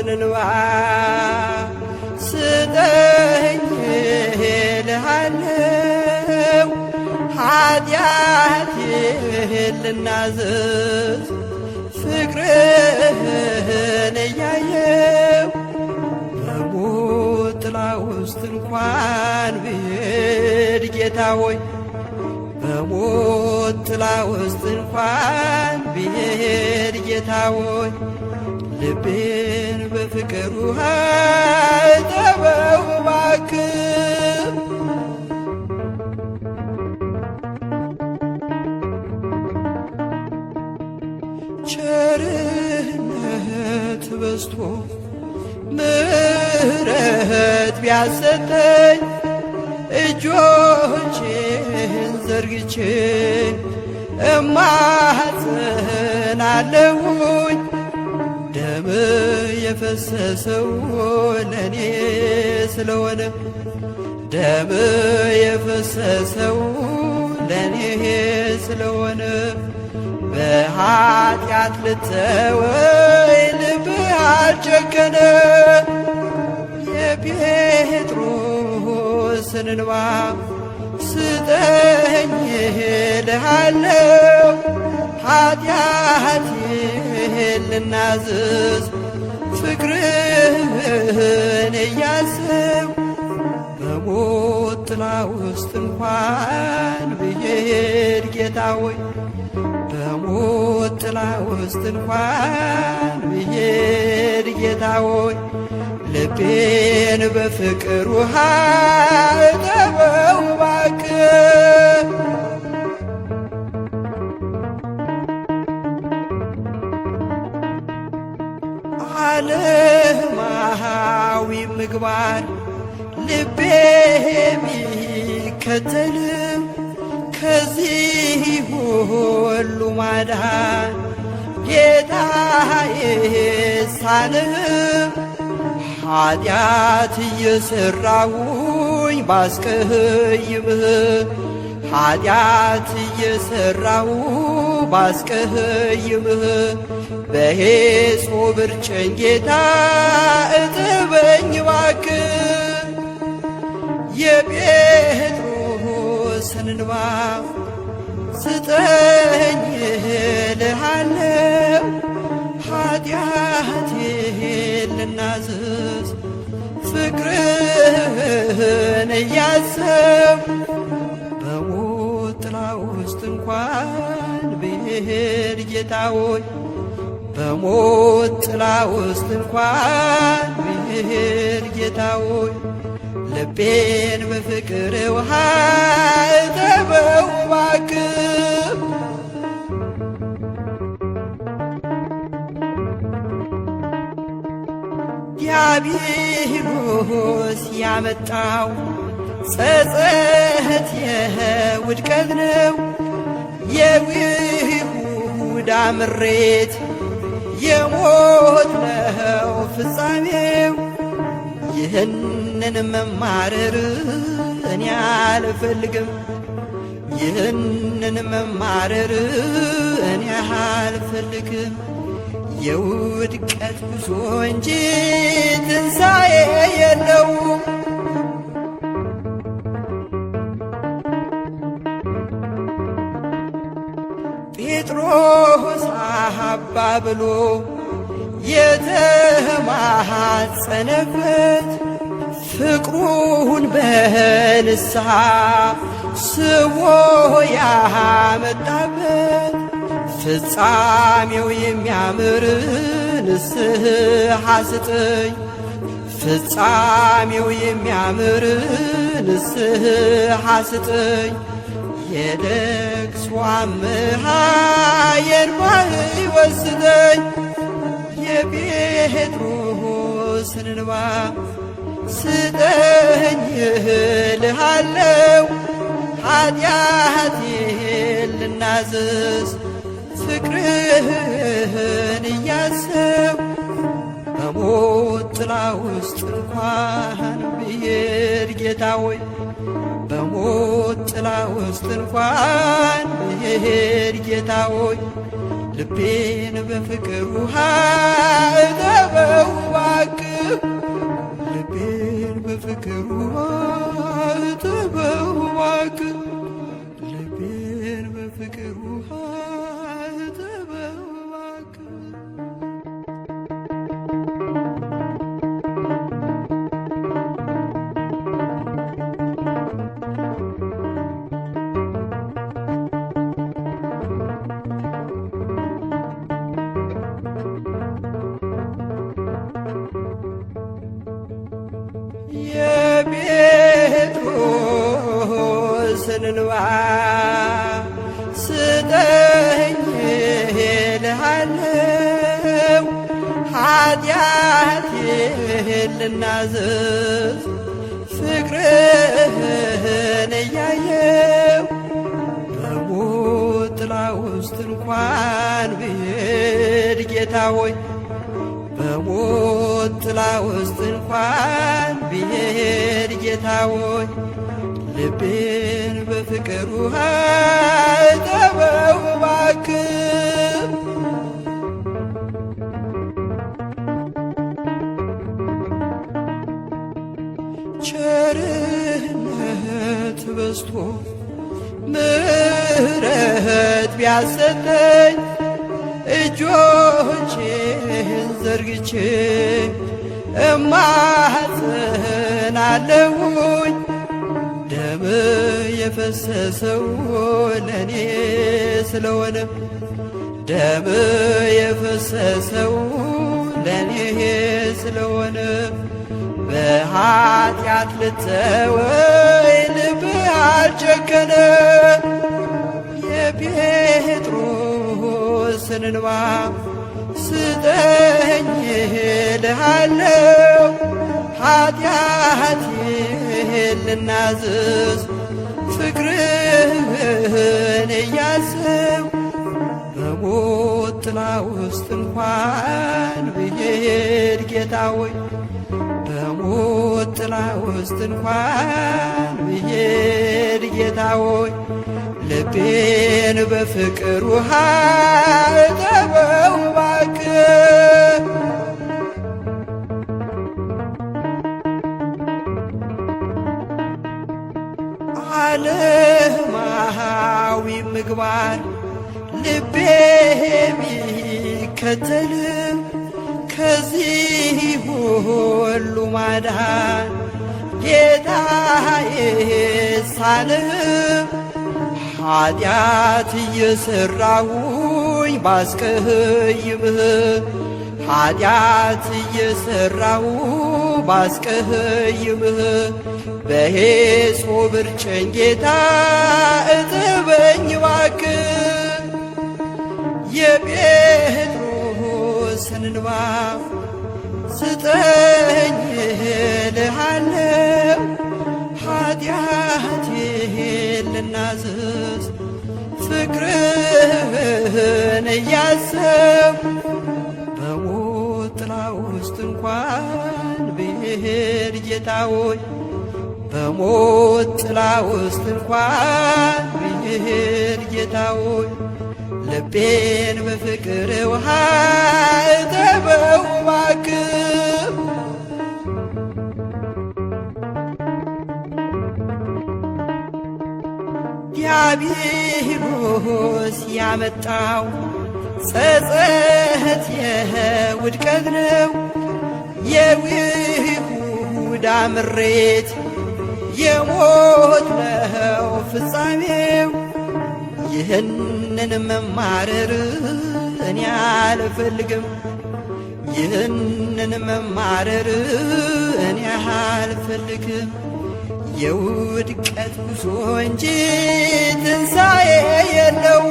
የሕይወትን ውሃ ስጠኝ እልሃለው ኃጢአቴን ልናዘዝ ፍቅርህን እያየው በሞት ውስጥ እንኳን ብሄድ ጌታ ሆይ በሞት ውስጥ እንኳን ብሄድ ጌታ ሆይ ልቤን በፍቅር ውሃ እጠበው እባክህ ቸርነት በዝቶ ምሕረት ቢያሰጠኝ እጆቼን ዘርግቼ እማጸናለሁ የፈሰሰውን እኔ ስለሆነ ደም የፈሰሰው ለእኔ ስለሆነ በኃጢአት ልተወይ ልብህ አልጨከነ የጴጥሮስን እንባ ስጠኝ እልሃለሁ ኃጢአቴን ልናዝዝ ፍቅርህን እያስብ በሞት ጥላ ውስጥ እንኳን ብሄድ ጌታ ሆይ በሞት ጥላ ውስጥ እንኳን ብሄድ ጌታ ሆይ ልቤን በፍቅር ውሃ እጠበው እባክህ ምግባር ልቤ የሚከተልም ከዚህ ሁሉ ማዳን ጌታዬ ሳልም ኃጢአት እየሠራውኝ ባስቀህይምህ ኃጢአት እየሠራው ባስቀህይምህ በሄጾ ብርጭን ጌታ ተወኝ እባክህ የጴጥሮስን እንባ ስጠኝ እልሃለሁ ኃጢአቴን ልናዝዝ ፍቅርህን እያሰብ በሞት ውስጥ እንኳን ብሄድ ጌታዬ በሞት ጥላ ውስጥ እንኳን አምላክህን ጌታውን ልቤን በፍቅር ውሃ እጠበው እባክህ ዲያብሎስ ያመጣው ጸጸት የውድቀት ነው የይሁዳ ምሬት የሞት ነው ፍጻሜው። ይህንን መማረር እኔ አልፈልግም። ይህንን መማረር እኔ አልፈልግም። የውድቀት ጉዞ እንጂ ብሎ የተማሐጸነበት ፍቅሩን በንስሐ ስቦ ያመጣበት ፍጻሜው የሚያምር ንስሐ ስጠኝ ፍጻሜው የሚያምር ንስሐ ስጠኝ የደግ ጾምሃ የርባህ ወስደኝ የጴጥሮስን እንባ ስጠኝ እልሃለው ኃጢአቴን ልናዘዝ ፍቅርህን እያሰብ በሞት ጥላ ውስጥ እንኳን ብሄድ ጌታ ሆይ በሞት ጥላ ውስጥ እንኳን ብሄድ ጌታ ሆይ ልቤን በፍቅር ውሃ እጠበው እባክህ እንባ ስጠኝ እልሃለው ኃጢአቴን ልናዘዝ ፍቅርህን እያየው በሞት ጥላ ውስጥ እንኳን ብሄድ ጌታ ሆይ በሞት ውስጥ እንኳን ብሄድ ጌታ ሆይ ልቤን በፍቅር ውሃ እጠበው ባክ ቸርነት በዝቶ ምሕረት ቢያሰጠኝ እጆቼን ዘርግቼ እማጸናለሁኝ የፈሰሰው ለኔ ስለሆነ ደም የፈሰሰው ለኔ ስለሆነ በኃጢአት ልተወኝ ልብህ አልጨከነ የጴጥሮስን እንባ ስጠኝ ልሃለው ኃጢአቴ ፍቅርህን ልናዝዝ ፍቅርህን እያስብ በሞት ጥላ ውስጥ እንኳን ብሄድ ጌታ ሆይ በሞት ጥላ ውስጥ እንኳን ብሄድ ጌታ ሆይ ልቤን በፍቅር ውሃ እጠበው እባክህ ባለማሃዊ ምግባር ልቤ ቢከተልም ከዚህ ሁሉ ማዳን ጌታዬ ሳልም ኃጢአት እየሠራሁኝ ባስቀህይምህ ኃጢአት እየሠራሁ ባስቀህይምህ በሄጹ ብርጭን ጌታ እጥበኝ ባክ የጴጥሮስን እንባ ስጠኝ እልሃለው ኃጢአቴን ልናዘዝ ፍቅርህን እያሰብ በሞት ጥላ ውስጥ እንኳን ብሄድ በሞት ጥላ ውስጥ እንኳን ብሄድ ጌታዬ ልቤን በፍቅር ውሃ እጠበው እባክህ ዲያብሎስ ያመጣው ጸጸት የውድቀት ነው የውሁዳ ምሬት የሞት ነው ፍጻሜው። ይህንን መማረር እኔ አልፈልግም። ይህንን መማረር እኔ አልፈልግም። የውድቀት ጉዞ እንጂ ትንሣኤ የለው።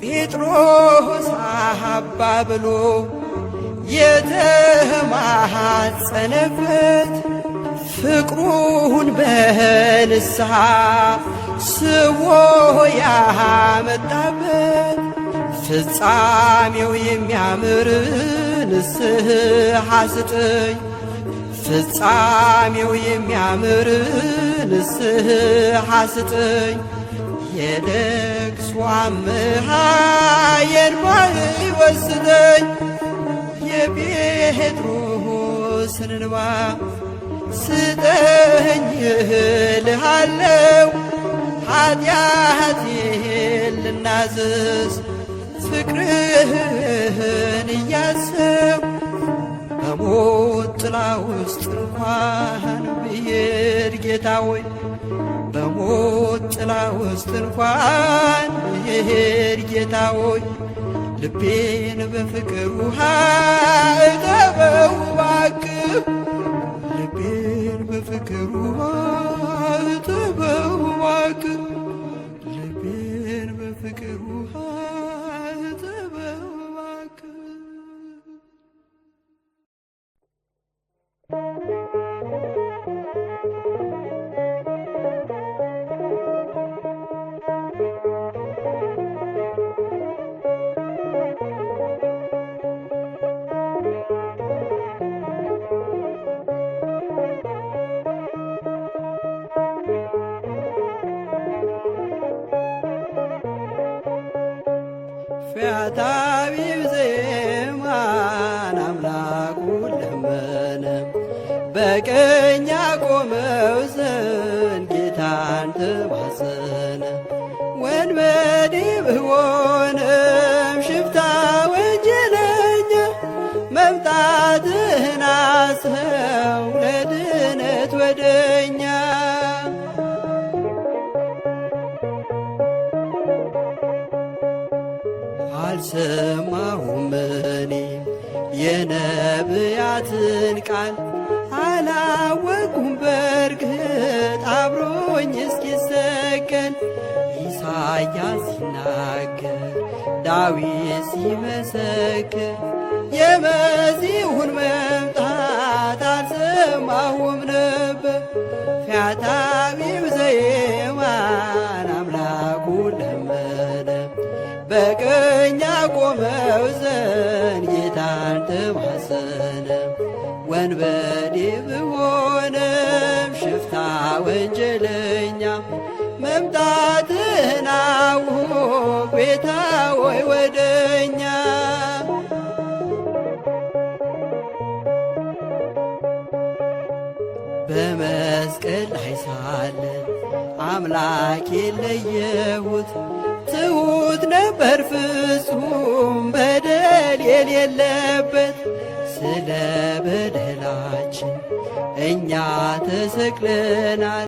ጴጥሮስ ገባ ብሎ የተማሐጸነበት ፍቅሩን በንስሐ ስቦ ያመጣበት ፍጻሜው የሚያምር ንስሐ ስጠኝ ፍጻሜው የሚያምር ንስሐ ስጠኝ የለቅሶ አምሃ የእንባዬ ወስደኝ የጴጥሮስን እንባ ስጠኝ እልሃለው ኃጢአቴን ልናዘዝ ፍቅርህን እያሰብ በሞት ጥላ ውስጥ እንኳን ብሄድ ጌታ ሆይ በሞት ጥላ ውስጥ እንኳን ብሄድ ጌታ ሆይ ልቤን በፍቅር ውሃ እጠበው እባክህ ልቤን በፍቅር ውሃ እጠበው እባክህ ልቤን በፍቅር ውሃ ፈያታ ቢብ ዜማን አምላኩ ለመነ በቀኝ ያቆመው ዘንድ ጌታን ተማጸነ። ወንበዴ ብሆንም ሽፍታ ወንጀለኛ መምጣትህን አስበ አልሰማሁም እኔ የነቢያትን ቃል አላወቁም በርግጥ አብሮኝ እስኪሰቀል ኢሳያስ ሲናገር ዳዊት ሲመሰክር የመሲሁን መምጣት አልሰማሁም ነበር ፊያታዊው ዘዬ ያውዘን ጌታን ተማጸነ። ወንበዴ ብሆንም ሽፍታ ወንጀለኛ መምጣትህን አውቆ ጌታ ወደኛ በመስቀል ላይ ሳለ አምላኬ ለየሁት ያየሁት ነበር ፍጹም በደል የሌለበት ስለ በደላችን እኛ ተሰቅለናል።